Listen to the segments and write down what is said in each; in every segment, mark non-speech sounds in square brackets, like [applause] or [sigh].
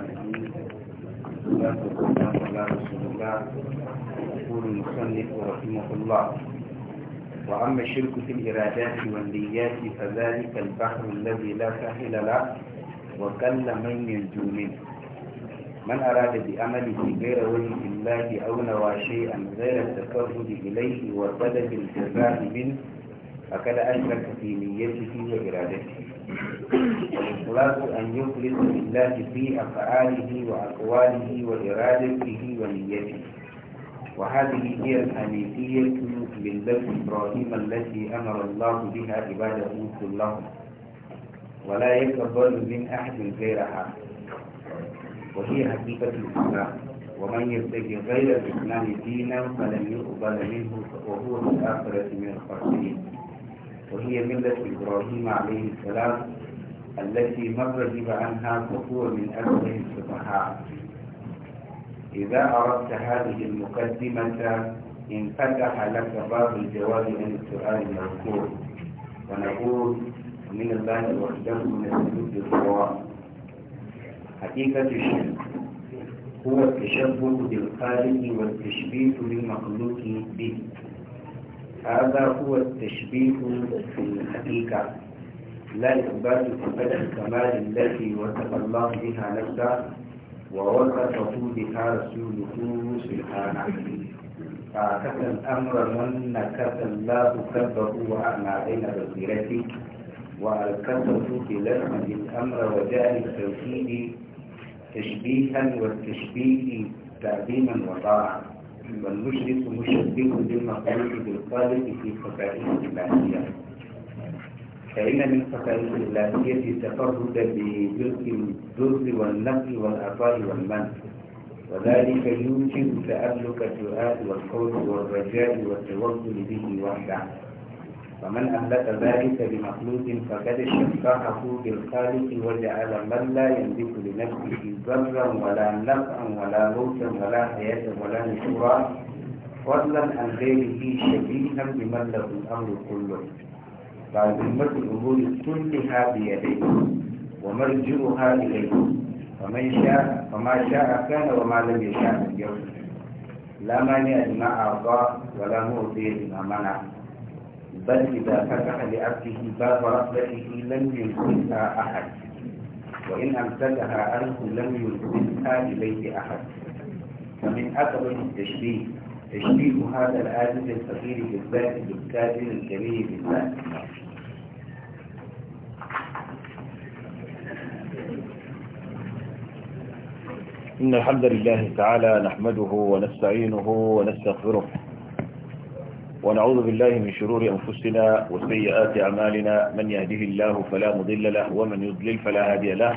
يقول المصنف رحمه الله وأما الشرك في الإرادات والنيات فذلك البحر الذي لا ساحل له وكل من ينجو منه من أراد بأمله غير وجه الله أو نوى شيئا غير التفرد إليه وطلب الجزاء منه فقد أشرك في نيته وإرادته والإخلاص أن يخلص لله في أفعاله وأقواله وإرادته ونيته وهذه هي الحنيفية لله إبراهيم التي أمر الله بها عباده كلهم ولا يقبل من أحد غيرها وهي حقيقة الإسلام ومن يبتغي غير الإسلام دينا فلن يقبل منه وهو في الآخرة من الخاسرين وهي ملة إبراهيم عليه السلام التي من رغب عنها فهو من أكبر الفقهاء إذا أردت هذه المقدمة انفتح لك باب الجواب عن السؤال المذكور ونقول من الله وحده من السجود الصواب حقيقة الشرك هو التشبه بالخالق والتشبيه بالمخلوق به هذا هو التشبيه في الحقيقة لا يقبل أبدا الكمال التي وصف الله بها نفسه ووصفه بها رسوله سبحانه فأعتقد الأمر من نكس الله كبه وأعمى بين بصيرته في بلحمة الأمر وجاء التوحيد تشبيها والتشبيه تعظيما وطاعة والمشرك مشبه بالمخلوق بالخالق في خفائه الإلهية فإن من خصائص الإلهية التفرد بجزء الجزء والنقل والعطاء والمنع وذلك يوجب تألق الدعاء والقول والرجاء والتوكل به وحده ومن أهلك ذلك بمخلوق فقد استنصحه بالخالق وجعل من لا يملك لنفسه ضرا ولا نفعا ولا موتا ولا حياة ولا نشورا فضلا عن غيره شبيها بمن له الأمر كله فأزمة الأمور كلها بيديه ومرجعها إليه فمن شاء فما شاء كان وما لم يشاء اليوم لا مانع لما أعطى ولا معطي لما منع بل إذا فتح لعبده باب رحمته لم يلقيها أحد وإن أمسكها عنه لم يلقيها إليه أحد فمن أكبر التشبيه تشبيه هذا العاجز الفقير بالذات بالكاتب الكبير بالذات إن الحمد لله تعالى نحمده ونستعينه ونستغفره ونعوذ بالله من شرور أنفسنا وسيئات أعمالنا من يهده الله فلا مضل له ومن يضلل فلا هادي له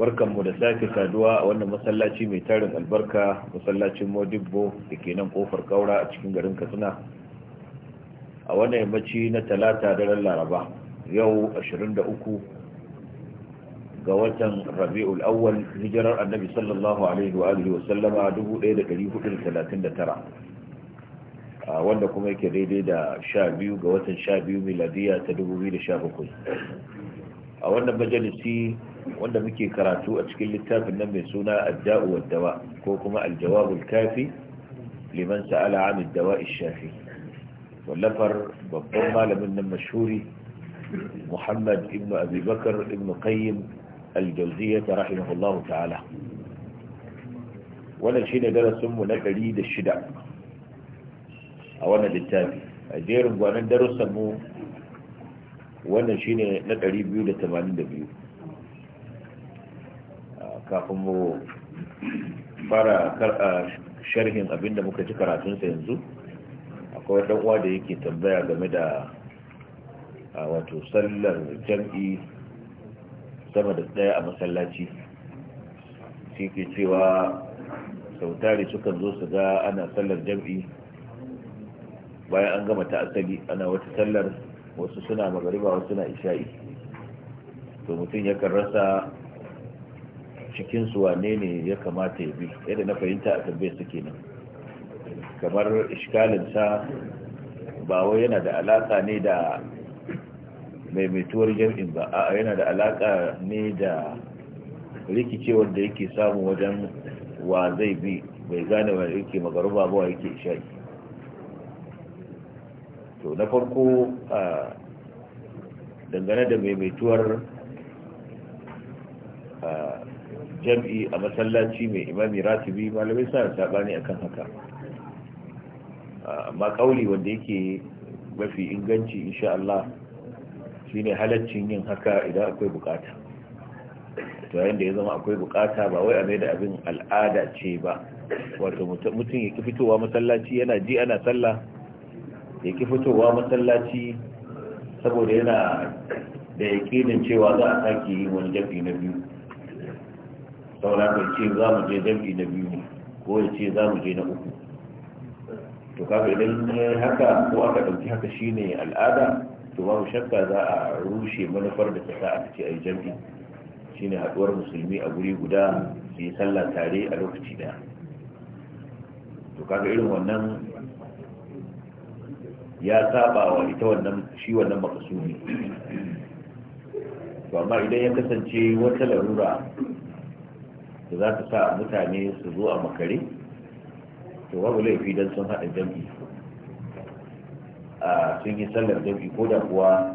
barkanmu da sake saduwa a wannan masallaci mai tarin albarka masallacin modibbo da ke nan kofar kaura a cikin garin katsina a wannan yammaci na talata daren laraba yau 23 ga watan rabi'ul awwal hijirar annabi sallallahu alaihi wa alihi wasallama 1439 wanda kuma yake daidai da 12 ga watan 12 miladiya ta 2017 a wannan majalisi wanda muke karatu a cikin littafin nan mai suna adda'u wa dawa ko kuma aljawabul kafi liman sa'ala an dawa ishafi wallafar babban malamin nan mashhuri Muhammad ibn abubakar Bakar ibn Qayyim al-Jawziyyah rahimahullahu ta'ala wannan shine darasin mu na 106 a wannan littafi a jerin gwanan darussan mu wannan shine na 282 kafin mu fara sharhin abinda muka ji karatunsa yanzu akwai ɗanuwa uwa da yake tambaya game da wato sallar jam'i sama da ɗaya a masallaci shi ke cewa sautari sukan zo su ga ana sallar jam'i bayan an gama ta asali ana wata sallar wasu suna magariba wasu suna isha'i to mutum yakan rasa su wane ne ya kamata ya bi yadda na fahimta a tambayar suke nan kamar iskalinsa ba wai yana da alaka ne da maimaituwar jam'in ba a yana da alaka ne da rikicewar da yake samu wajen wa zai bi bai gane wani yake magaruba ba yake isha'i to na farko dangane da maimaituwar jam'i a masallaci mai imami ratibi malamai suna sabani akan haka amma kauli wanda yake mafi inganci insha Allah shine halaccin yin haka idan akwai bukata to yayin da ya zama akwai bukata ba wai a mai da abin al'ada ce ba wato mutum ya fitowa masallaci yana ji ana sallah ya fitowa masallaci saboda yana da yakinin cewa za a sake yi wani jafi na biyu saboda ka ce za mu je jam'i na biyu ko ya ce za mu je na uku to kaga idan haka ko aka ɗauki haka shine al'ada to babu shakka za a rushe manufar da ta sa aka ce a yi jam'i shine haɗuwar musulmi a guri guda su yi sallah tare a lokaci ɗaya to kaga irin wannan ya saba wa ita wannan shi wannan makasumi to amma idan ya kasance wata larura da za ta sa mutane su zo a makare to babu laifi don sun haɗa jam'i a sun yi sallar jam'i ko da kuwa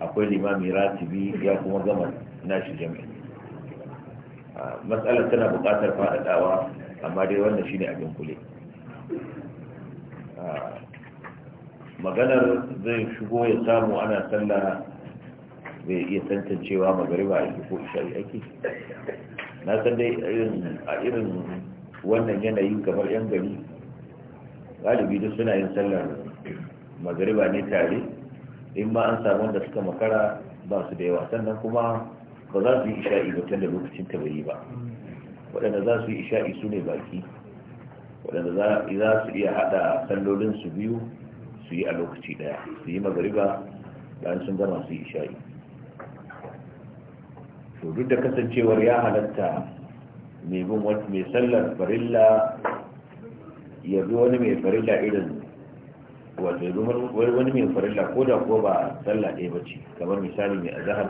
akwai limami ratibi ya kuma gama nashi jam'i matsalar tana buƙatar faɗaɗawa amma dai wannan shine abin kule maganar zai shigo ya samu ana sallah bai iya tantancewa magariba a ko isha'i ake na san dai a irin wannan yanayi kamar yan gari galibi duk suna yin sallar magariba ne tare in ma an samu wanda suka makara ba su da yawa sannan kuma ba za su yi isha'i ba tun da lokacin ta ba waɗanda za su yi isha'i su ne baki waɗanda za su iya haɗa sallolin su biyu su yi a lokaci ɗaya su yi magariba bayan sun gama su yi isha'i to duk da kasancewar ya halatta mai bin mai sallar farilla ya bi wani mai farilla irin wato ya wani mai farilla ko da ko ba sallah ɗaya ba ce kamar misali mai azahar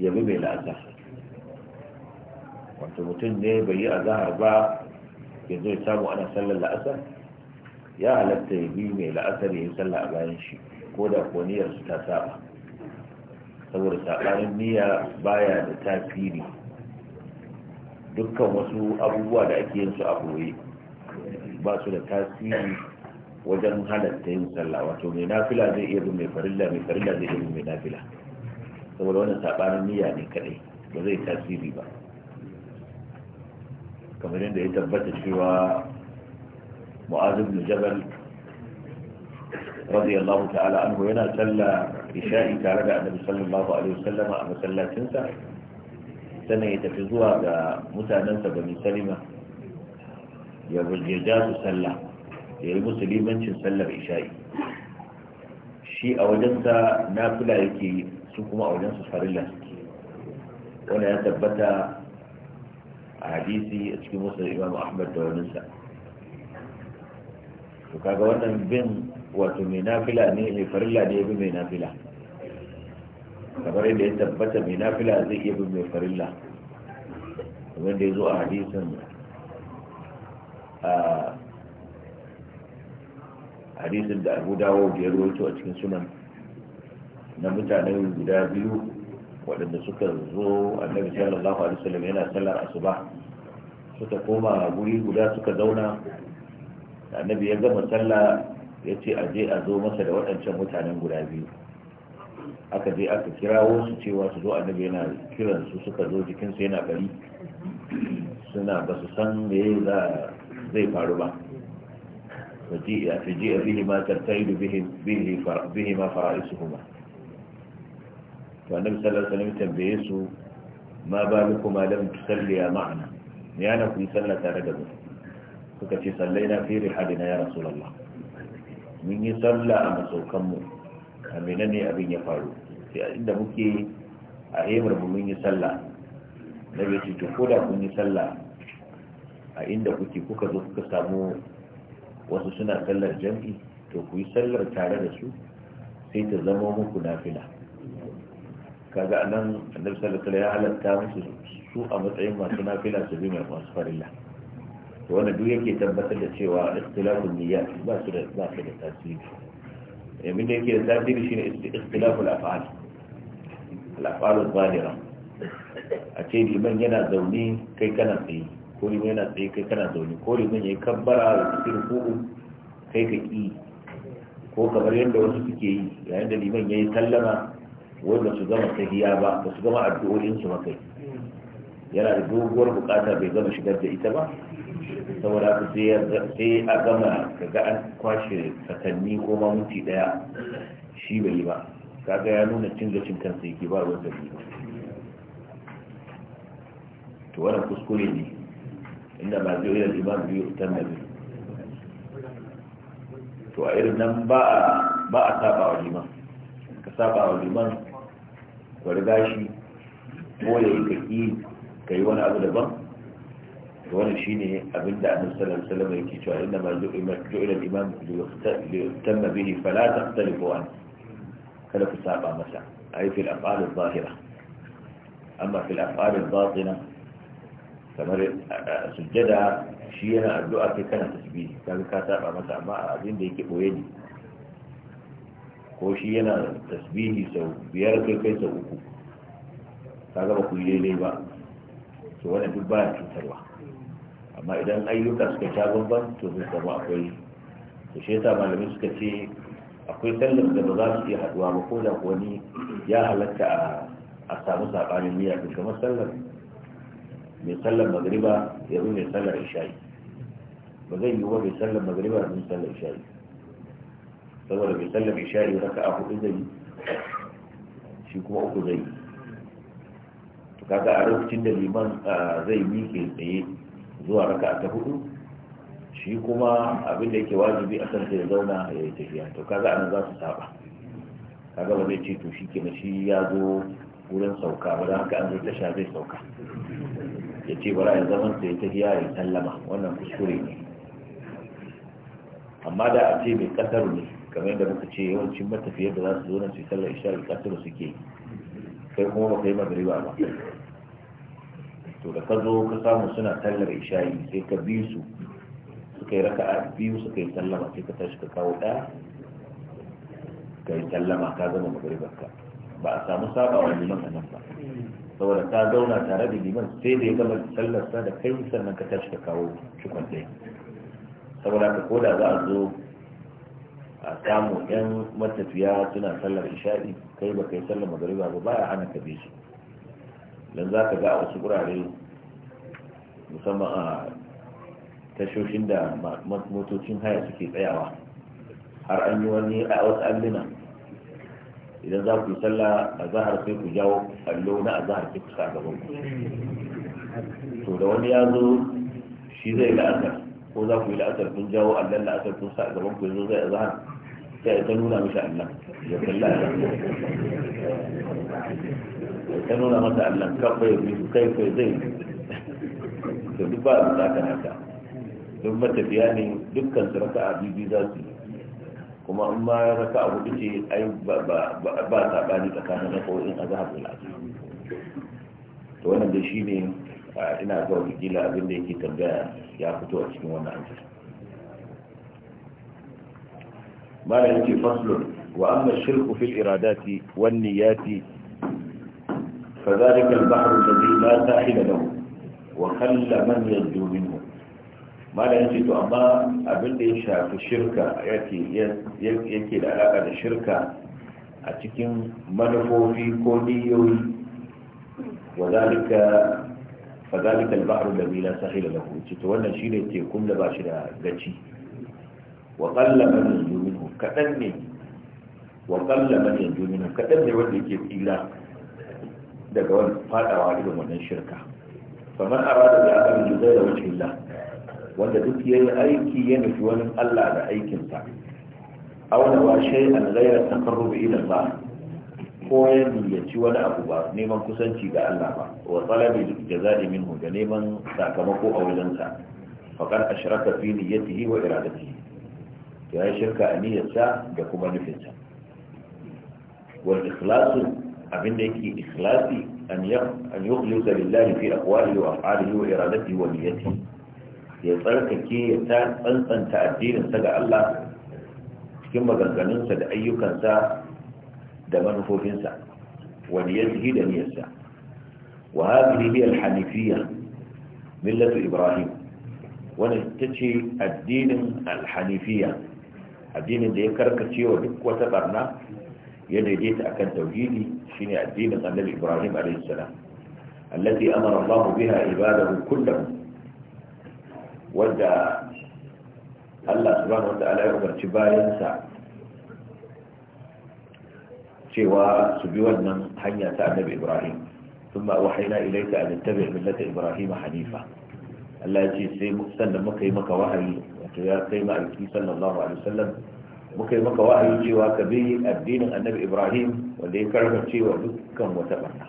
ya bi mai la'asar wato mutum ne bai yi azahar ba ya zo ya samu ana sallar la'asar ya halatta ya bi mai la'asar ya yi sallah a bayan shi ko da ko niyyar su ta saba saboda sabarin niyya baya da tasiri dukkan wasu abubuwa da ake yin su a ɓoye ba su da tasiri wajen halatta yin sallah wato mai nafila zai iya bin mai farilla mai farilla zai iya bin mai nafila saboda wannan saɓanin niyya ne kadai ba zai tasiri ba kamar yadda ya tabbata cewa mu'azib jabal radiyallahu ta'ala anhu yana tsalla isha'i tare da annabi sallallahu alaihi wasallama a masallacinsa sannan ya tafi zuwa ga mutanensa bani salima ya ja su sallah ya yi musulmancin sallar isha'i shi a wajensa nafila yake su kuma a wajensu farilla suke ya tabbata a hadisi a cikin musulun imam ahmad da waninsa to kaga wannan bin wato mai nafila ne mai farilla ne bi mai nafila kamar yadda ya tabbata mai nafila zai iya bi mai farilla wanda ya zo a hadisin a hadisin da abu dawo da ya rawaito a cikin sunan na mutane guda biyu waɗanda suka zo annabi sallallahu alaihi wasallam yana sallar asuba suka koma guri guda suka zauna annabi ya gama sallah ya ce a je a zo masa da waɗancan mutanen guda biyu aka je aka kirawo su cewa su zo annabi yana kiran su suka zo jikinsu yana gari suna ba su san me za zai faru ba faji'a faji'a bihi ma tartaidu da bihi ma kuma. to annabi sallallahu alaihi wasallam tambaye su ma kuma lam tusalliya ma'ana ya na ku yi sallah tare da mu suka ce sallai na, fi rihadina ya rasulullah mun yi sallah a masaukanmu a mena ne abin ya faru sai a inda muke a hebar mu mun yi sallah na bai ce to koda kun yi sallah a inda kuke kuka zo kuka samu wasu suna sallar jam'i to ku yi sallar tare da su sai ta zama muku nafila kaga anan annabi sallallahu alaihi wasallam ya halatta musu su a matsayin masu nafila su bi mai masu farilla to wannan duk yake tabbatar da cewa ikhtilafun niyya ba su da ba su da tasiri abin da yake da tasiri shine ikhtilaful af'al al-af'al zahira a ce liman yana zaune kai kana tsaye ko liman yana tsaye kai kana zaune ko liman yayi kabbara da tafsir ku'u kai ka ki ko kamar yadda wasu suke yi yayin da liman yayi sallama wanda su gama tahiya ba ba su gama addu'o'in su ba kai yana da doguwar bukata bai gama shigar da ita ba saboda haka sai a gama daga an kwashe satanni ko ma minti daya shi bai ba kaga ya nuna cin gacin kansa yake ba wanda ba to wannan kuskure ne inda ba zai yi imam biyu ta nabi to a irin nan ba a ba a saba wa liman ka saba wa liman ka riga shi ko ya yi ka yi wani abu daban wani shi ne abin da annabi sallallahu alaihi wasallam yake cewa inna ma ju'ila al-imam li yutamma bihi fala taqtalifu an kada ku saba masa ay fil af'al adh-dhahira amma fil af'al adh-batina kamar sujjada shi yana addu'a kai kana tasbihi kaga ka saba masa amma abin da yake boye ne ko shi yana tasbihi sau biyar kai kai sau uku kaga ba ku yi daidai ba to wani duk baya cutarwa amma idan ayyuka suka sha bamban to zai samu akwai to shi yasa malamai suka ce akwai sallar da ba za su iya haduwa ba ko da wani ya halatta a samu sabanin miya din kamar sallar mai sallar magriba ya zo mai sallar ishayi ba zai yi wa mai sallar magriba da mai sallar ishayi saboda mai sallar ishayi raka a hudu zai shi kuma uku zai yi kaga a lokacin da liman zai miƙe tsaye zuwa raka ta hudu shi kuma abin da yake wajibi a kan sai ya zauna ya yi tafiya to kaga anan za su saba kaga ba zai ce to shi kenan shi ya zo wurin sauka ba don haka an zai tasha zai sauka ya ce bara ya zaman sai ya tafiya ya tallama wannan kuskure ne amma da a ce mai kasar ne kamar yadda muka ce yawancin matafiyar da za su zo nan su sallar isha da kasar suke kai kuma ba kai magariba ba to da ka zo ka samu suna tallar isha'i sai ka bi su suka yi raka a biyu suka yi sallama sai ka tashi ka kawo ɗaya ka yi sallama ka zama magaribar ka ba a samu saba wa liman a nan ba saboda ka zauna tare da liman sai da ya gama sallarsa da kai sannan ka tashi ka kawo cikon ɗaya saboda ka koda za a zo a samu yan matafiya suna sallar isha'i kai ba kai sallar magariba ba baya hana ka bi su don za ka ga a wasu wurare musamman a tashoshin da motocin haya suke tsayawa har an yi wani a wasu alluna idan za ku yi sallah a zahar sai ku jawo allo na a zahar sai ku sa gaban ku to da wani ya zo shi zai la'asar ko za ku yi la'asar kun jawo allon la'asar kun sa gaban ku yanzu zai a zahar ta nuna mishi Allah ya kalla Allah ta nuna masa Allah kafa ya bisu kai kai zai da duk ba su zaka haka don matafiya ne dukkan su raka bibi za su yi kuma in ma raka abu ce ai ba saɓani tsakanin raka wajen azhar a lafi to wannan da shi ne ina zuwa kila abin da yake tambaya ya fito a cikin wannan amsa malam yake faslun wa amma shirku fil iradati wan niyati fadhalika al bahr alladhi la sahila lahu wa khalla man yaddu minhu malam yake to amma abinda ya shafi shirka yake yake da alaka da shirka a cikin manufofi ko niyoyi wadalika fadalika albahru da mila da kuma cito wannan shi tekun da ba da gaci wa kalla kaɗan ne wa ƙalla man yanzu minhum kaɗan ne wanda yake tsira daga wani fadawa irin wannan shirka kamar a rada da aka yi zai da wacce Allah wanda duk ya yi aiki ya nufi wani Allah da aikinsa auna ba shai an gaira da idan ba ko ya niyyaci wani abu ba neman kusanci ga Allah ba wa talabi jaza'i minhu da neman sakamako a wajensa faqad ashraka fi niyyatihi wa iradatihi to ya shirka aniyarsa da kuma nufinsa wal ikhlasu abinda yake ikhlasi an yukhlisa lillahi fi aqwalihi wa af'alihi wa iradatihi wa niyyatihi ya tsarkake ya tsantsanta addininsa ga Allah cikin maganganun maganganunsa da ayyukan ayyukansa da manufofin manufofinsa wa niyyatihi da niyyarsa wa hadhihi hiya al-hanifiyya millatu ibrahim wannan ita ce addinin al-hanifiyya addinin da ya karkace wa duk wata barna ya daidaita akan tauhidi shine addinin annabi ibrahim alaihi salam allati babu allah biha ibadahu kullahu wanda allah subhanahu wa ta'ala ya umarci bayan sa cewa su bi wannan hanya ta annabi ibrahim ثم أوحينا إليك أن تتبع ملة إبراهيم حنيفا Allah ya ce sai sannan muka yi maka wahayi wato ya kai ma alki sallallahu alaihi wasallam muka yi maka wahayi cewa ka bi addinin annabi Ibrahim wanda ya karfa cewa dukkan wata barna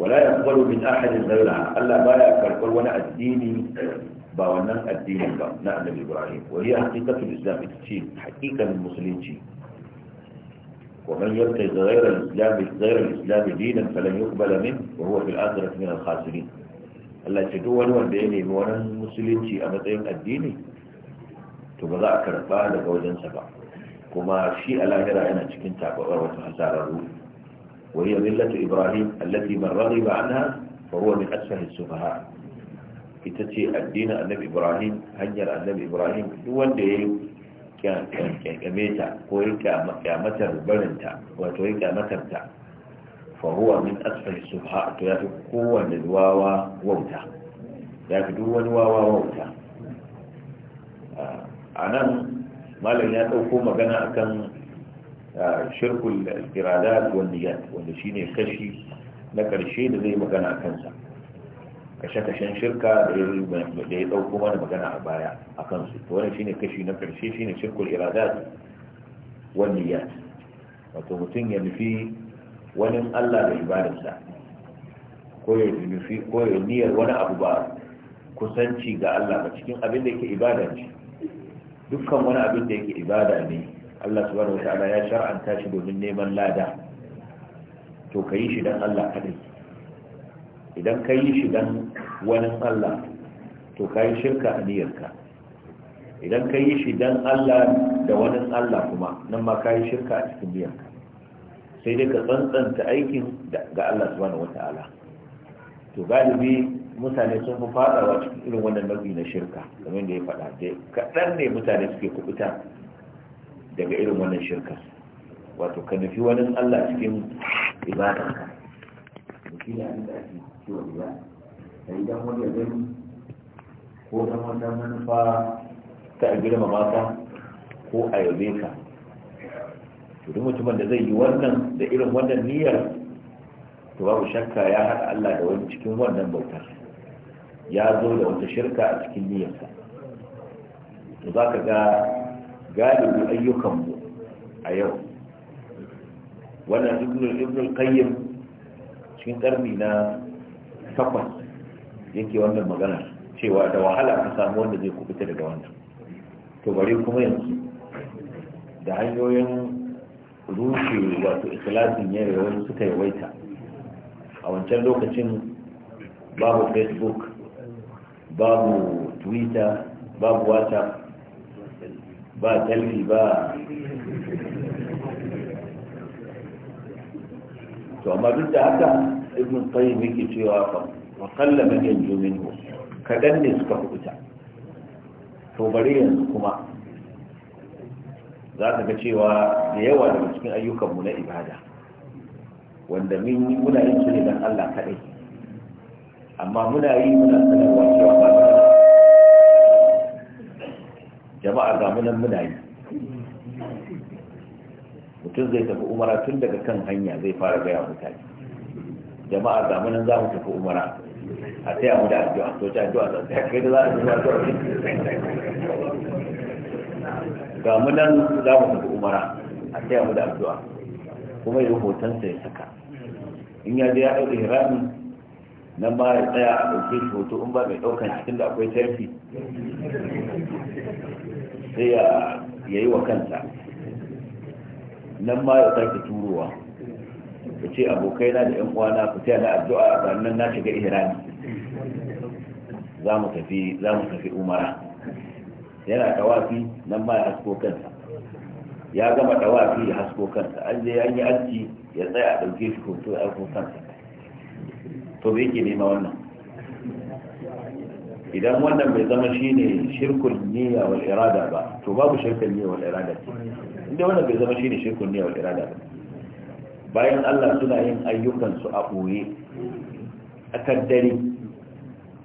wala ya yaqbalu min ahadin ghayra Allah baya karɓar wani addini ba wannan addinin ba na annabi Ibrahim wa hiya haqiqatul islam ita ce haqiqatul musulunci ومن يبتغي غير الاسلام غير الاسلام دينا فلن يقبل منه وهو في الاخره من الخاسرين Allah ce duk wani wanda ya nemi wani musulunci a matsayin addini to ba za a karba daga wajensa ba kuma shi a lahira yana cikin tababar wata hasararru wa hiya millatu ibrahim allati man raghiba anha fa huwa min asfahi sufaha ita ce addinin annabi ibrahim hanyar annabi ibrahim duk wanda ya kyankyame ta ko ya kyamatar barinta wato ya kyamatar ta فهو من أسفل السفهاء يأتي قوة للواوى ووتا يأتي دون واوى ووتا آه، أنا ما لن يأتوكو مغانا أكن آه، شرك الإرادات والنيات والنشين الكشي لك الشيء زي مغانا أكنسا kashe-kashen shirka da ya ɗauko mana magana a baya a kansu to wani shine kashi na karshe shine shirkul iradat wani ya wato mutum ya nufi wani Allah da ibadarsa ko ya nufi ko ya niyyar wani abu ba kusanci ga Allah ba cikin abin da yake ibada ne dukkan wani abin da yake ibada ne Allah subhanahu wataala ya shar'anta shi domin neman lada to ka yi shi dan Allah kadai idan ka yi shi dan wani Allah to ka yi shirka a niyyarka idan ka yi shi dan Allah da wani Allah kuma nan ma ka yi shirka a cikin niyyarka sai dai ka tsantsanta aikin ga Allah subhanahu wata'ala to galibi mutane sun fi fadawa cikin irin wannan nau'i na shirka kamar da ya faɗa dai kaɗan ne mutane suke kubuta daga irin wannan shirka wato ka nufi wani Allah cikin ibada da shi ne inda ake cewa ibada da yi wani ya gani ko dan wata manufa ta a mata ko a yabe ka to duk mutumin da zai yi wannan da irin wannan niyyar to babu shakka ya haɗa Allah da wani cikin wannan bautar ya zo da wata shirka a cikin niyyarsa to za ka ga galibi ayyukanmu a yau wannan ibnul ibnul qayyim cikin karni na takwas yake wannan magana cewa da wahala ka samu wanda zai kubuta daga wannan to bari kuma yanzu da hanyoyin rushe wato ikhlasin ya wani suka yawaita a wancan lokacin babu facebook babu twitter babu whatsapp ba talbi ba to amma duk da haka ibn tsayi muke cewa fa wa qalla man yanju minhu kaɗan ne suka fita to bari yanzu kuma za ka ga cewa da yawa daga cikin ayyukanmu na ibada wanda mun yi muna yin su ne don Allah kaɗai amma muna yi muna sanarwa cewa ba ta jama'a ga munan muna yi mutum zai tafi umara tun daga kan hanya zai fara gaya mutane jama'a ga munan za mu tafi umara a taya mu da addu'a to ta addu'a ta kai da za a yi addu'a ga mu nan za mu tafi umara a taya mu da addu'a kuma yi hotonsa ya saka in ya je ya ɗauki hirami nan ba ya tsaya a ɗauke shi hoto in ba mai ɗaukan cikin da akwai tarfi sai ya yi wa kansa nan ma ya sake turowa ya ce abokai na da yan uwana ku taya na addu'a a nan na shiga ihrami za mu tafi umara yana tawafi nan ma ya hasko kansa ya gama tawafi ya hasko kansa an je an yi aji ya tsaya a ɗauke shi hoto ya hasko kansa to me yake nema wannan idan wannan bai zama shine shirkul niyya wal irada ba to babu shirkul niyya wal irada inda wannan bai zama shine shirkul niyya wal irada ba bayan Allah suna yin ayyukan su a ɓoye a kaddare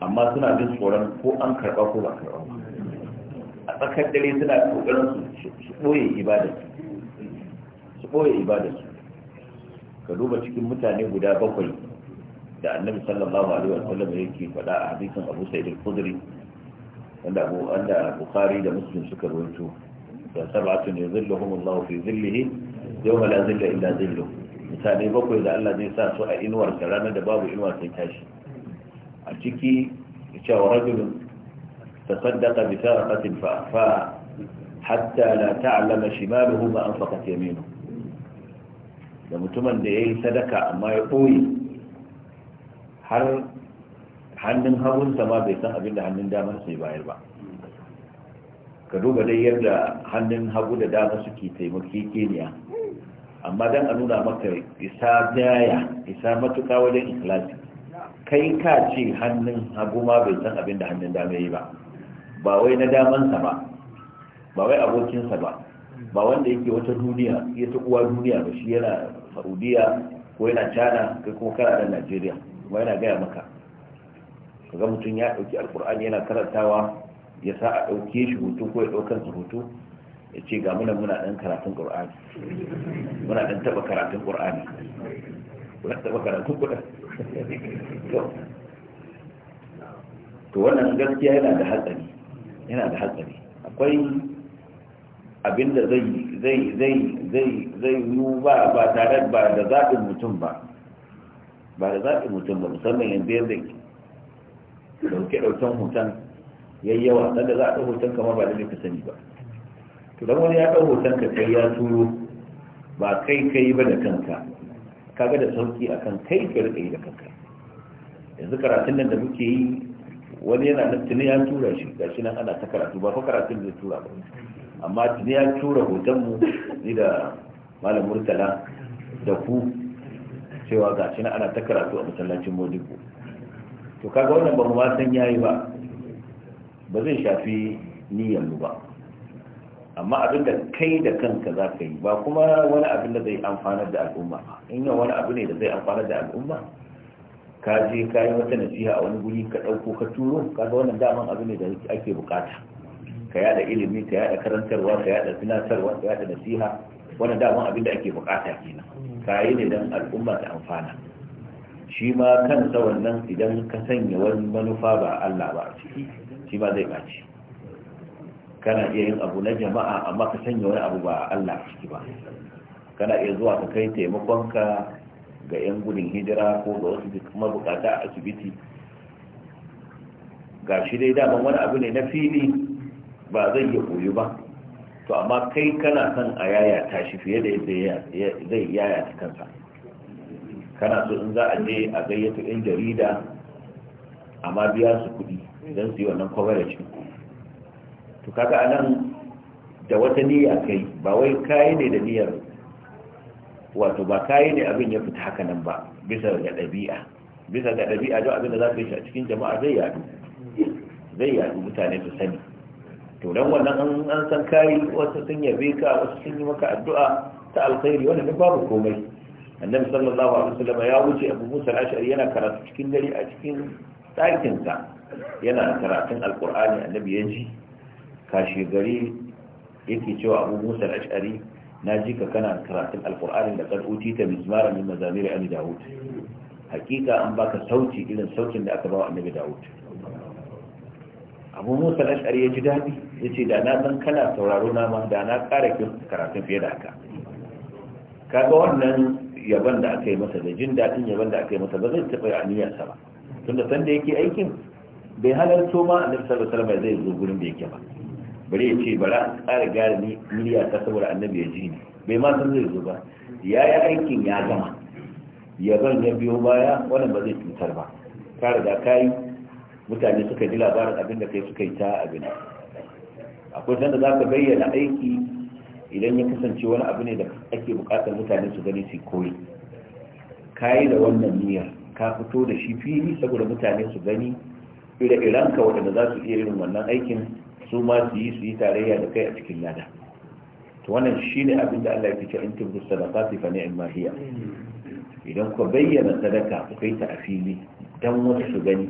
amma suna jin tsoron ko an karɓa ko ba karɓa ba a tsakar dare suna kokarin su boye ibada su boye ibada su ka duba cikin mutane guda bakwai da annabi sallallahu alaihi wa sallam yake faɗa a hadisin Abu Sa'id al-Khudri wanda Abu wanda Bukhari da Muslim suka rawaito da sab'atun yuzilluhum Allahu fi zillihi yawma la zilla illa zilluh mutane bakwai da Allah zai sa su a inuwar ranar da babu inuwar sai tashi a ciki cewa rajulun تصدق بسرقة فأخفاء حتى لا تعلم شماله ما أنفقت يمينه da mutumin da ya yi sadaka amma ya ɓoye har hannun hagunsa ma bai san abin da hannun bayar ba ka duba dai yadda hannun hagu da dama suke taimaki keniya amma don a nuna maka isa daya isa matuka wajen ikilasi kai ka ce hannun hagu ma bai san abin hannun dama yi ba ba wai na damansa ba ba wai abokinsa ba ba wanda yake wata duniya ya ta uwa duniya ba shi yana saudiya ko yana china ko kuma kana dan najeriya kuma yana gaya maka kaga mutum ya ɗauki alkur'ani yana karantawa ya sa a ɗauke shi hoto ko ya daukar su hoto, ya ce ga muna muna dan karatun ƙur'ani muna dan taba karatun ƙur'ani muna taba karatun kuɗa to wannan gaskiya yana da hatsari yana da hatsari akwai abinda zai zai zai zai zai yi ba ba tare ba da zaɓin mutum ba ba da zaɓin mutum ba musamman yanzu yadda dauke ɗauken hoton yayyawa nan da za a ɗau hoton kama ba da ka sani ba to don wani ya ɗau hoton ka kai ya turo ba kai kai ba da kanka kaga da sauki akan kai ka yi da kanka yanzu karatun nan da muke yi wani yana nan tuni ya tura shi shi nan ana ta karatu ba fa karatun zai tura ba amma tuni ya tura hoton mu ni da malam murtala da ku cewa ga shi nan ana ta karatu a masallacin modibo to kaga wannan ba mu ma san yayi ba ba zai shafi niyyar mu ba amma abin da kai da kanka za ka yi ba kuma wani abin da zai amfanar da al'umma in yau wani abu ne da zai amfanar da al'umma ka je ka yi wata nasiha a wani guri ka ɗauko ka turo ga wannan daman abu ne da ake bukata ka yada ilimi ka yada karantarwa ka yada tunatarwa ka yada nasiha wannan daman abin da ake bukata kenan ka yi ne don al'umma ta amfana shi ma kansa wannan idan ka sanya wani manufa ba Allah ba a ciki shi ma zai ɓaci kana iya yin abu na jama'a amma ka sanya wani abu ba Allah a ciki ba kana iya zuwa ka kai taimakonka ga 'yan gudun hijira ko ga wasu mabukata a asibiti ga shi dai dama wani abu ne na fili ba zai iya koyo ba to amma kai kana son a yaya shi fiye da yadda zai yaya ta kansa kana so in za a je a gayyato 'yan jarida amma biya su kuɗi don su yi wannan coverage to kaga anan da wata niyya kai ba wai kayi ne da niyyar wato ba kayi ne abin ya fita haka nan ba bisa ga ɗabi'a bisa ga ɗabi'a don abin da za ka yi shi a cikin jama'a zai yadu zai yadu mutane su sani to dan wannan an san kayi wasu sun yabe ka wasu sun yi maka addu'a ta alkhairi wani duk babu komai annabi sallallahu alaihi wasallam ya wuce abu musa al-ashari yana karatu cikin dare a cikin ɗakin sa yana karatun alqur'ani annabi ya ji kashi gari yake cewa abu musa al-ashari na ji ka kana karatun alkur'ani da kan ta mizmara min mazamiri abi dawud hakika an baka sauti irin saukin da aka bawa annabi dawud abu musa al ya ji dadi ce da na san kana sauraro na ma da na ƙara kin karatun fiye da haka kaga wannan yaban da aka yi masa da jin daɗin yaban da aka yi masa ba zai taɓa aniyar sa ba tunda san da yake aikin bai halarto ma annabi sallallahu alaihi wasallam zai zo gurin da yake ba bare ya ce bara a tsara gyara miliya ta saboda annabi ya ji ne bai ma san zai zo ba ya yi aikin ya gama zan ya biyo baya wannan ba zai cutar ba ka riga ka yi mutane suka ji labarin abin da kai suka yi ta abin akwai sanda za ka bayyana aiki idan ya kasance wani abu ne da ake bukatar mutane su gani su koyi ka yi da wannan niyyar ka fito da shi fili saboda mutane su gani ire-irenka waɗanda za su iya irin wannan aikin su ma su yi su yi tarayya da kai a cikin lada to wannan shine abin da Allah ya ce in tun sadaqati fa ni'ma hiya idan ku bayyana sadaka ku kai ta a fili dan wasu su gani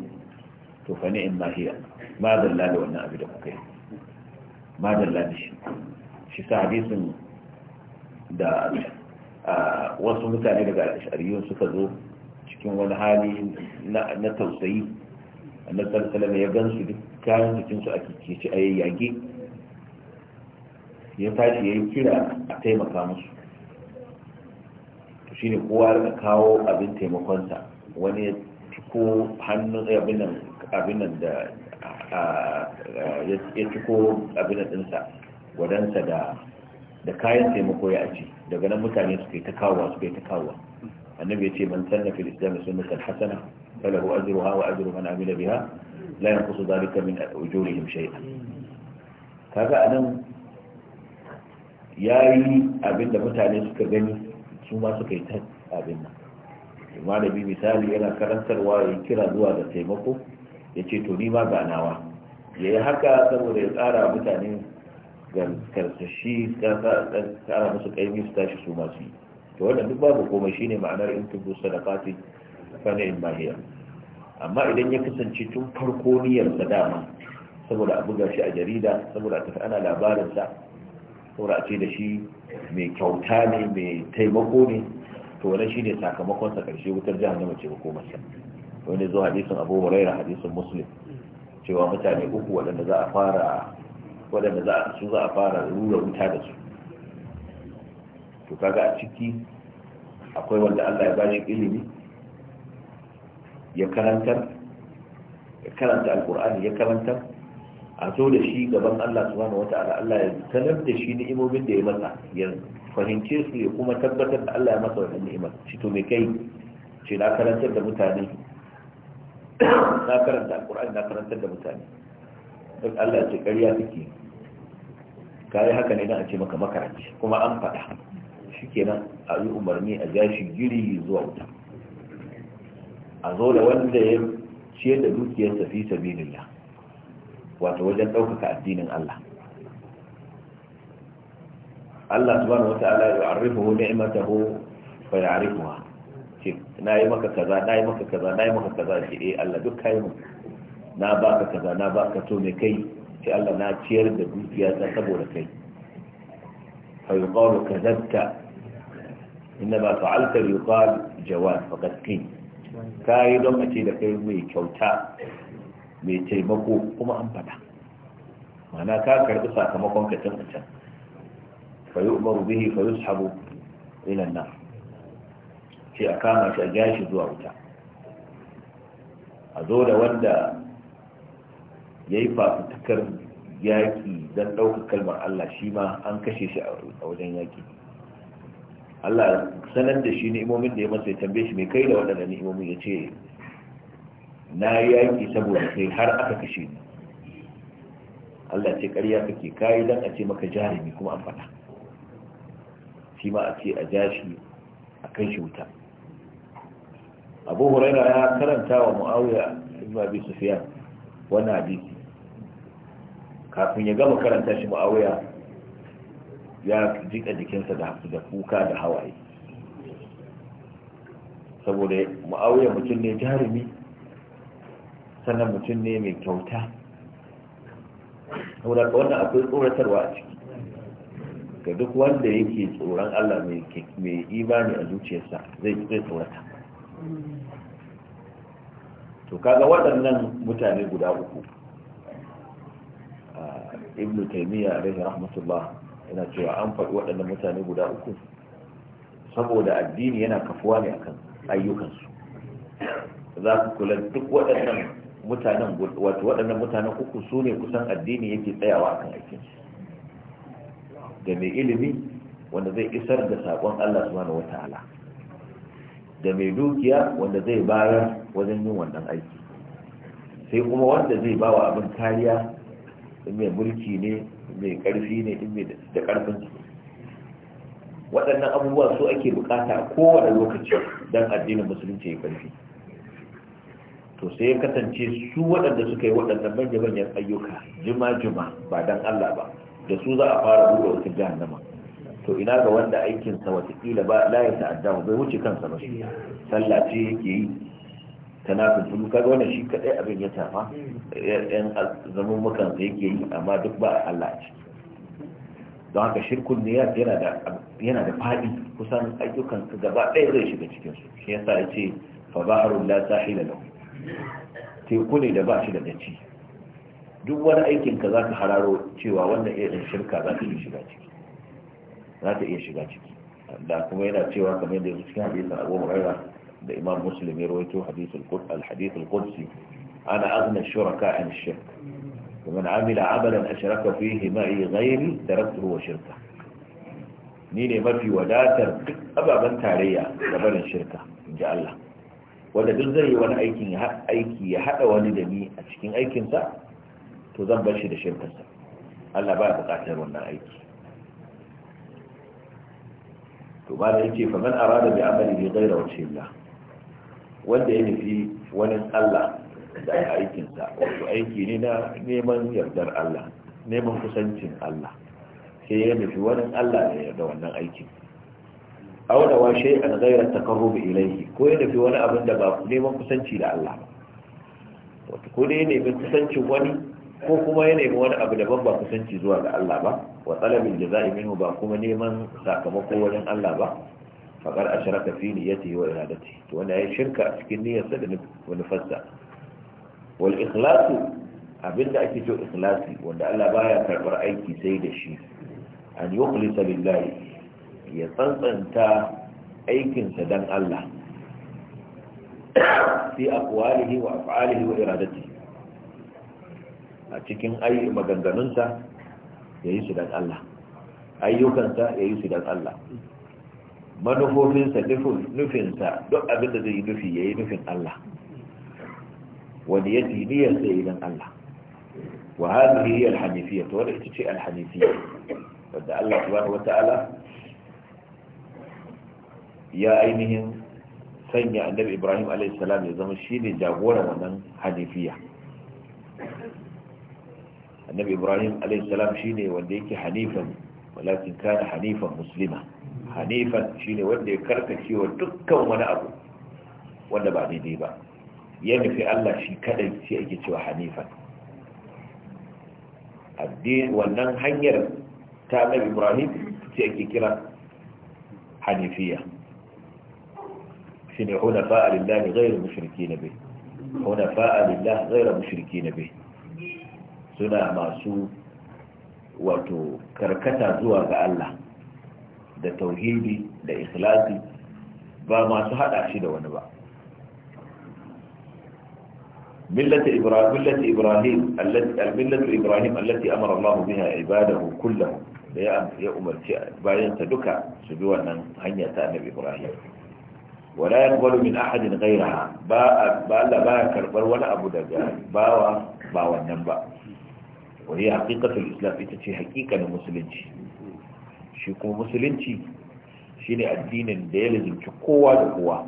to fa ni'ma hiya ma da da wannan abin da ku kai ma dalla da shi shi sa hadisin da wasu mutane daga al'ashariyun suka zo cikin wani hali na tausayi annabi sallallahu alaihi wasallam ya gansu duk kayan jikinsu a kikice a yayyage ya tashi ya yi kira a taimaka musu shi ne kowa da kawo abin taimakonsa wani ya ciko hannun eh, abin nan da ya ciko abin nan ɗinsa gwadansa da kayan taimako ya aji daga nan mutane suka yi ta kawowa suka yi ta kawowa annabi ya ce man sanna da sun sunnatan hasana فله أجرها وأجر من عمل بها لا ينقص ذلك من أجورهم شيئا kaga anan yayi abin da mutane suka gani su ma suka yi ta abin nan malami misali yana karantarwa ya kira zuwa da taimako ya ce to ni ma ganawa ya yi haka saboda ya tsara mutane karsashi tsara musu kaimi su tashi su masu yi to wanda duk babu komai shine ma'anar in tubu sadaqati fani'in bahiya amma idan ya kasance tun farko niyyar da dama saboda a buga shi a jarida saboda tafi ana labarinsa saboda a ce da shi mai kyauta ne mai taimako ne to wani shi ne sakamakonsa karshe wutar jihar na mace ko masa wani zo hadisin abu huraira hadisin muslim cewa mutane uku waɗanda za a fara waɗanda za su za a fara rura wuta da su to kaga a ciki akwai wanda Allah ya ba ilimi ya karantar ya karanta alkur'ani ya karanta a zo da shi gaban Allah subhanahu wata'ala Allah ya sanar da shi ni'imomin da ya masa ya fahimce su ya kuma tabbatar da Allah ya masa wannan ni'imar shi to me kai ce na karantar da mutane [coughs] na karanta alkur'ani na karantar da mutane duk Allah ya ce ƙarya kake kai haka ne dan a ce maka makaranci kuma an faɗa shikenan a yi umarni a gashi giri zuwa wuta a zo da wanda ya ciyar da dukiyarsa fi sabilillah wato wajen ɗaukaka addinin Allah Allah subhanahu wata'ala ya arrifahu ni'matahu fa ya'rifuha ce yi maka kaza na yi maka kaza na yi maka kaza shi eh Allah duk kai mu na baka kaza na baka to me kai ce Allah na ciyar da dukiya ta saboda kai fa yuqalu kadhabta inma fa'alta yuqal jawad faqad qin kai don a ce da kai mai kyauta mai taimako kuma an faɗa Mana ka karɓi sakamakon ka can a can fa yi umaru bihi fa yushabu ilan nan ce a kama shi a gashi zuwa wuta a zo da wanda ya yi fafutukar yaƙi don ɗaukar kalmar Allah shi ma an kashe shi a wajen yaƙi Allah sanar da shi ni'imomin da ya masa ya tambaye shi mai kai da waɗannan ni'imomin ya ce na yaƙi saboda kai har aka kashe ni Allah ce ƙarya kake kayi dan a ce maka jarumi kuma an faɗa shi ma a ce a ja shi a kai shi wuta abu huraira ya karanta wa mu'awiya ibn abi sufyan wannan hadisi kafin ya gama karanta shi mu'awiya ya jika jikinsa da kuka da hawaye saboda ma'auya mutum ne jarumi sannan mutum ne mai kyauta saboda wannan akwai tsoratarwa a ciki ga duk wanda yake tsoron allah mai imani a zuciyarsa zai tsorata to kaga waɗannan mutane guda uku ibn taymiya alaihi rahmatullah yana cewa an faɗi waɗannan mutane guda uku saboda addini yana kafuwa ne akan ayyukansu za ku kula duk waɗannan mutanen wato waɗannan mutanen uku su ne kusan addini yake tsayawa akan aikinsu da mai ilimi wanda zai isar da saƙon Allah subhanahu wata'ala da mai dukiya wanda zai bayar wajen yin wannan aiki sai kuma wanda zai bawa abin kariya in mai mulki ne mai karfi ne in mai da karfin waɗannan abubuwa su ake bukata kowane lokaci don addinin musulunci ya karfi to sai ya kasance su waɗanda suka yi waɗannan manya-manyan ayyuka jima-jima ba don Allah ba da su za a fara buɗe wata jahannama to ina ga wanda aikinsa watakila ba la ta'adda ta'adda bai wuce kansa ba sallah ce yake yi tanafin tulu kaga wannan shi kadai abin ya tafa yan zaman mukan da yake yi amma duk ba Allah a ciki don haka shirkun ne yana da yana da fadi kusan ayyukan su gaba ɗaya zai shiga cikin su shi yasa ce fa bahrul la sahila lahu teku ne da ba shi da gaci duk wani aikin ka zaka hararo cewa wannan irin shirka za ta iya shiga ciki za ka iya shiga ciki da kuma yana cewa kamar da yake cikin hadisin Abu Hurairah الإمام مسلم يرويته حديث الحديث القدسي أنا أغنى الشركاء عن الشرك ومن عمل عملا أشرك فيه معي غيري تركته وشركه مين نيني ما في ولا ترك أبا من تاريا لبن الشركة إن جاء الله ولا دزري وانا أيكي أيكي حتى والدني أشكين أيكي انسا تظن بشي لشركة ألا بقى بقاتل وانا أيكي ثم قال فمن أراد بعمله غير وجه الله wanda ya nufi wani Allah da aikinsa wato aiki ne na neman yardar Allah neman kusancin Allah sai ya nufi wani Allah da yarda wannan aikin auna wa shay'an ghayra taqarrub ilaihi ko ya nufi wani abin da ba neman kusanci da Allah ba wato ko ya nufi kusancin wani ko kuma ya nemi wani abu daban ba kusanci zuwa ga Allah ba wa talabin jaza'i minhu ba kuma neman sakamako wajen Allah ba faƙar a shirka fi niyyati wa iradati to wanda ya shirka a cikin niyyarsa da manufarsa wal ikhlasu abinda ake cewa ikhlasi wanda Allah baya karɓar aiki sai da shi an yukhlisa lillahi ya tsantsanta aikinsa dan Allah fi aqwalihi wa af'alihi wa iradatihi a cikin ayi maganganunsa yi su dan Allah ayyukansa ya yi su dan Allah manufofinsa nufinsa duk abin da zai yi nufi ya yi nufin Allah wani ya diniyar sai idan Allah wa hadhihi hiya al-hanifiyya to ita ce al wadda wanda Allah subhanahu ta'ala ya ainihin sanya annabi Ibrahim a.s ya zama shi ne jagoran wannan hanifiyya annabi Ibrahim a.s shi ne wanda yake hanifan walakin kana hanifan muslima hanifan shi ne wanda ya karkace wa dukkan wani abu wanda ba daidai ba ya nufi Allah shi kadai sai ake cewa hanifan wannan hanyar ta Nabi Ibrahim sai ake kira hanifiya shine hunafa lillahi ghayru mushrikeen bih hunafa lillahi ghayru mushrikeen bih suna masu wato karkata zuwa ga Allah da tauhidi da ikhlasi ba masu hada shi da wani ba millat ibrahim millat ibrahim allati al-millat ibrahim allati amara biha ibadahu kullahu da ya umarci bayan ta duka su bi wannan hanyar ta annabi ibrahim wala yaqbalu min ahadin ghayraha ba ba Allah karbar wani abu daga bawa ba wannan ba wa hiya haqiqatul islam ita ce hakikanin musulunci shi kuma musulunci ne addinin da ya lizinci kowa da kowa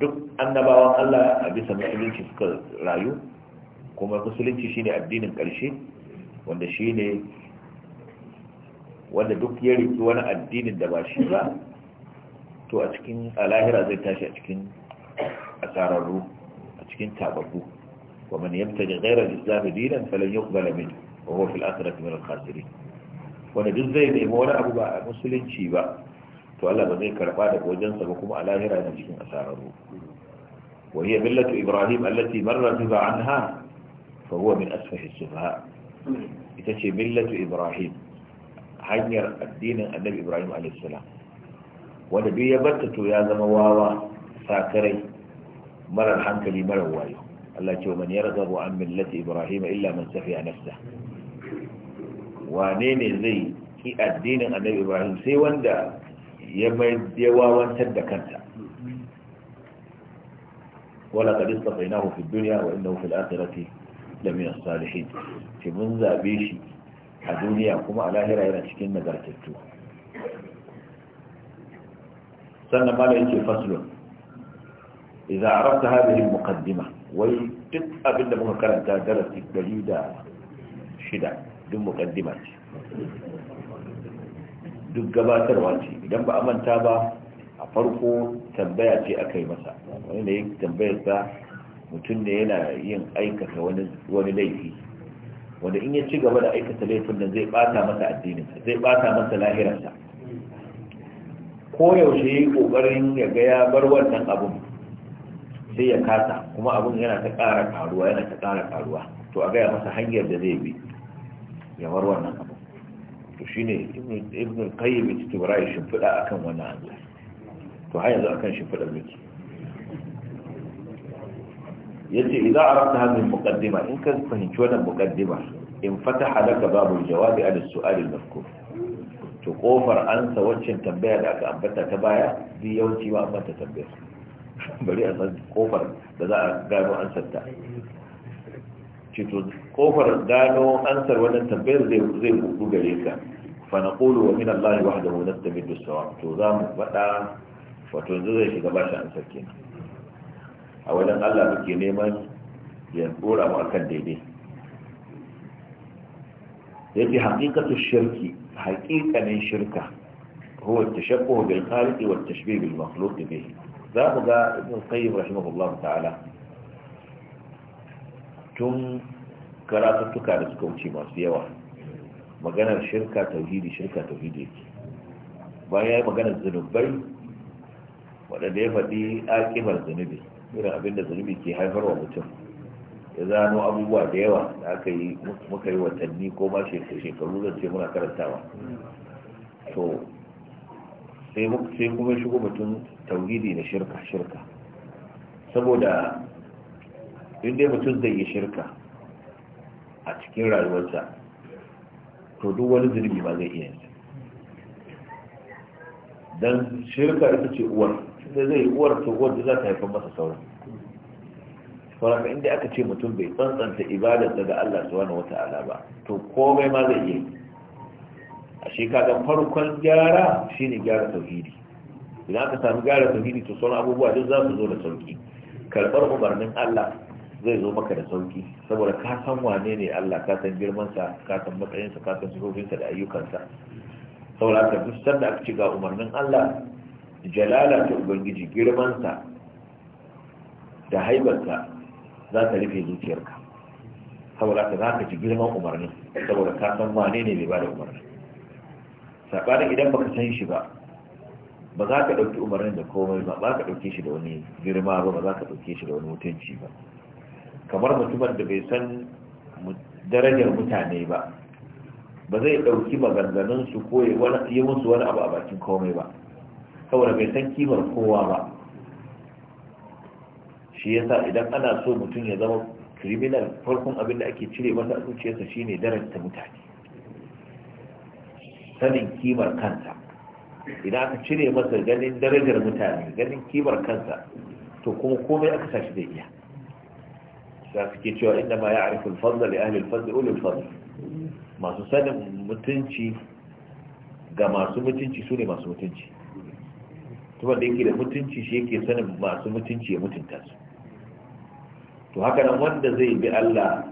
duk annabawan Allah a bisa musulunci suka rayu kuma musulunci ne addinin ƙarshe wanda wanda duk ya riki wani addinin da ba shi ba to a cikin alahira zai tashi a cikin asararru a cikin tababbu wa man yabtaji ghayra al-islam dinan falan yuqbala minhu wa huwa fil akhirati min al-khasirin wanda duk zai nemi wani abu ba a musulunci ba to Allah ba zai karba da wajensa ba kuma a lahira ne cikin asararru wa hiya millatu ibrahim allati marra biha anha fa huwa min asfahi sufaha ita ce millatu ibrahim hanyar addinin annabi ibrahim alayhi salam wanda duk ya batta to ya zama wawa sakarai marar hankali marar wayo Allah ce wa man yarghabu an millati ibrahim illa man safiya nafsahu wane ne zai ki addinin annabi ibrahim sai wanda ya mai wawantar da kanta wala qad istafainahu fi duniya wa innahu fil akhirati da min salihin ki mun zabe shi a duniya kuma a lahira yana cikin nagartattu sannan Malam yake faslun idza arafta hadhihi al wai duk abinda muka karanta darasi 106 duk mukaddima ce duk gabatarwa ce idan ba a manta ba a farko tambaya ce aka yi masa wanda yin tambayar sa mutum ne yana yin aikata wani laifi wanda in ya ci gaba da aikata laifin da zai bata masa addininsa zai bata masa lahirarsa koyaushe yi kokarin ya ga ya bar wannan abun sai ya kasa kuma abun yana ta ƙara karuwa yana ta ƙara karuwa to a gaya masa hanyar da zai bi ya bar wannan abu to shine ibn qayyim ya tubra ya a kan wannan abu to har yanzu kan shimfida miki yace a arafta hannun muqaddima in ka fahimci wannan muqaddima in fata laka babu jawabi ala su'al al-mazkur to kofar ansa waccan tambaya da aka ambata ta baya bi yawanci ba ambata tambaya [laughs] bari a san kofar da za a gano ansar ta cito kofar gano ansar wannan tambayar zai zai buɗu gare ka fa naqulu wa min Allah wahdahu nastabidu sawab to za mu faɗa wato yanzu zai shiga ba shi ansar kenan a wajen Allah muke neman ya dora mu akan daidai yace haƙiƙatu shirki haƙiƙanin shirka هو التشبه بالخالق والتشبيه بالمخلوق به ذا ابن القيم رحمه الله تعالى tun karatuttuka da suka wuce masu yawa maganar shirka tauhidi shirka tauhidi yake bayan ya yi maganar zunubai waɗanda ya faɗi alƙimar zunubi irin abinda zunubi ke haifarwa mutum ya zano abubuwa da yawa da aka yi muka yi watanni ko ma shekaru zan ce muna karantawa to sai kuma shigo mutum tauhidi da shirka shirka saboda in dai mutum zai yi shirka a cikin rayuwarsa to duk wani zurbi ba zai iya yanzu don shirka ita ce uwar da zai yi uwar to uwar da za ta haifar masa sauran sauraka inda aka ce mutum bai tsantsanta ibadar daga Allah su wani wata ala ba to komai ma zai iya a shi farkon gyara shine gyara tauhidi idan aka samu gyara tauhidi to sauran abubuwa duk za su zo da sauki karɓar umarnin Allah zai zo maka da sauki saboda ka san wane ne Allah ka san girmansa ka san matsayinsa ka san sifofinsa da ayyukansa saboda ka duk sanda aka ci ga umarnin Allah jalala ta ubangiji girmansa da haibarsa za ta rufe zuciyarka saboda ka za ka ji girman umarnin saboda ka san wane ne mai bada umarnin saboda idan baka san shi ba ba za ka ɗauki umarnin da komai ba ba ka ɗauke shi da wani girma ba ba za ka ɗauke shi da wani mutunci ba kamar mutumin da bai san darajar mutane ba ba zai ɗauki maganganunsu ko yi musu wani abu a bakin komai ba saboda bai san kimar kowa ba shi yasa idan ana so mutum ya zama criminal farkon abin da ake cire masa zuciyarsa shine darasta mutane sanin kimar kansa idan aka cire masa ganin darajar mutane ganin kimar kansa to kuma komai aka sashi zai iya da suke cewa inda ma ya arifin fadla da ahalin fadla ulul fadla masu sanin mutunci ga masu mutunci su ne masu mutunci tuban da yake da mutunci shi yake sanin masu mutunci ya mutunta su to haka nan wanda zai bi Allah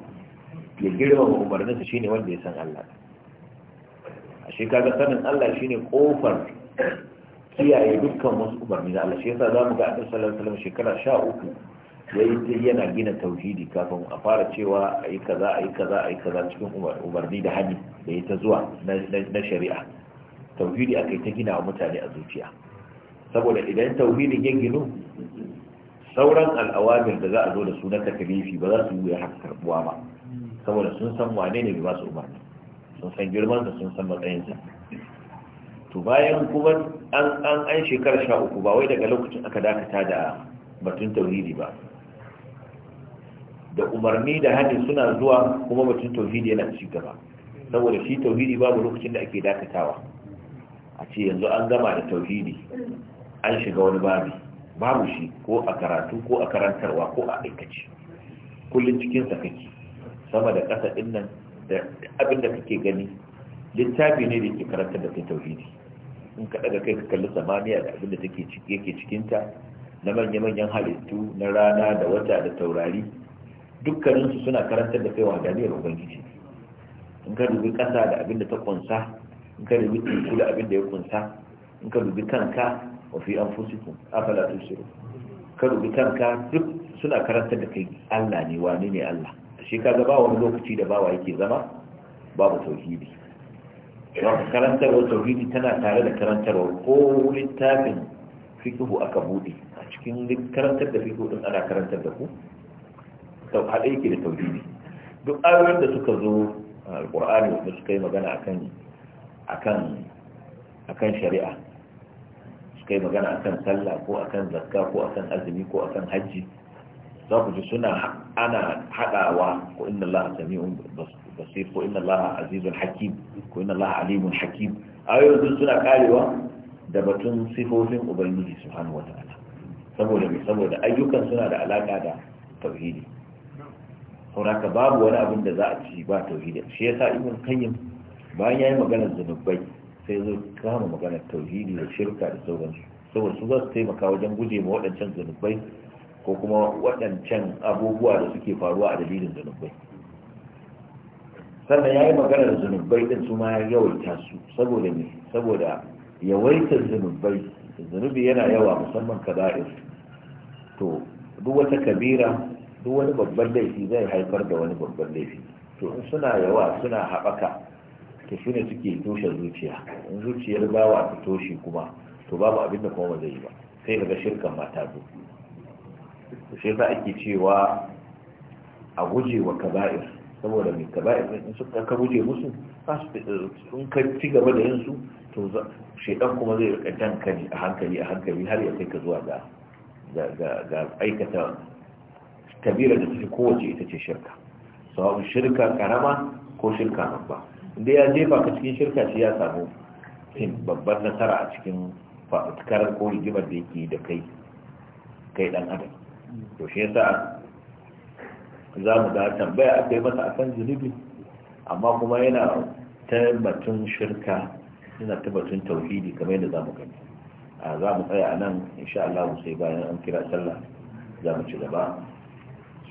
ya girmama umarninsa shine wanda ya san Allah a ashe kaga sanin Allah shine kofar kiyaye dukkan wasu umarni da Allah shi yasa zamu ga Annabi sallallahu alaihi wasallam shekara 13 yayi yana gina tauhidi kafin a fara cewa yi kaza ayi kaza kaza cikin umarni da hani da ya zuwa na shari'a tauhidi akai ta gina wa mutane a zuciya saboda idan tauhidin ya ginu sauran al'awamir da za a zo da su na takalifi ba za su yi haka karbuwa ba saboda sun san wane ne ba su umarni sun san girman da sun san matsayinsa to bayan kuma an an shekara sha uku ba wai daga lokacin aka dakata da batun tauhidi ba da umarni da hani suna zuwa kuma batun tauhidi yana ci gaba saboda shi tauhidi babu lokacin da ake dakatawa a ce yanzu an gama da tauhidi an shiga wani babi babu shi ko a karatu ko a karantarwa ko a aikaci kullum cikin sa kake sama da ƙasa din da abin da kake gani littafi ne da ke karanta da kai tauhidi in ka daga kai ka kalli samaniya da abin da take ciki yake cikinta na manya-manyan halittu na rana da wata da taurari dukkaninsu suna karantar da kai wadaniyar ubangiji in ka dubi kasa da abin da ta kunsa in ka dubi teku da abin da ya kunsa in ka dubi kanka wa fi an fusiku afala tusiru ka dubi kanka duk suna karantar da kai Allah ne wani ne Allah shi ka ga ba wani lokaci da bawa yake zama babu tauhidi wata karantarwar tauhidi tana tare da karantarwar ko littafin fikihu aka bude a cikin karantar da fikihu din ana karantar da ku haɗe yake da tauhidi duk ayoyin da suka zo a alƙur'ani wanda suka yi magana akan akan akan shari'a suka yi magana akan sallah ko akan zakka ko akan azumi ko akan hajji za ku ji suna ana haɗawa ko inna Allah sami'un basir ko inna Allah azizun hakim ko inna Allah alimun hakim ayoyin suna karewa da batun sifofin ubangiji subhanahu wataala saboda mai saboda ayyukan suna da alaka da tauhidi sauraka babu wani abin da za a ci ba tauhidi shi yasa ibn qayyim bayan yi maganar zunubai sai zo kama maganar tauhidi da shirka da sauransu saboda su za su taimaka wajen guje ma waɗancan zunubai ko kuma waɗancan abubuwa da suke faruwa a dalilin zunubai sannan ya yi maganar zunubai ɗin su ma ya yawaita su saboda ne saboda yawaitar zunubai zunubi yana yawa musamman kaza'ir to duk wata kabira duk wani babban laifi zai haifar da wani babban laifi to in suna yawa suna haɓaka to shi ne suke toshe zuciya in zuciyar bawa ta toshe kuma to babu abin da kuma ba zai yi ba sai daga shirkan mata zo to shi yasa ake cewa a guje wa kaba'ir saboda mai kaba'ir in suka ka guje musu in ka ci gaba da yin su to shedan kuma zai rika danka ne a hankali a hankali har ya kai ka zuwa ga ga aikata kabira da take kowace ita ce shirka sawabin shirka karama ko shirka babba inda ya jefa ka cikin shirka shi ya samu cin babban nasara a cikin fafutukar ko rigimar da yake da kai kai dan adam to shi yasa za mu ga tambaya aka yi masa akan zunubi amma kuma yana ta batun shirka yana ta batun tauhidi kamar yadda za mu gani a za mu tsaya a nan insha Allah sai bayan an kira sallah za mu ci gaba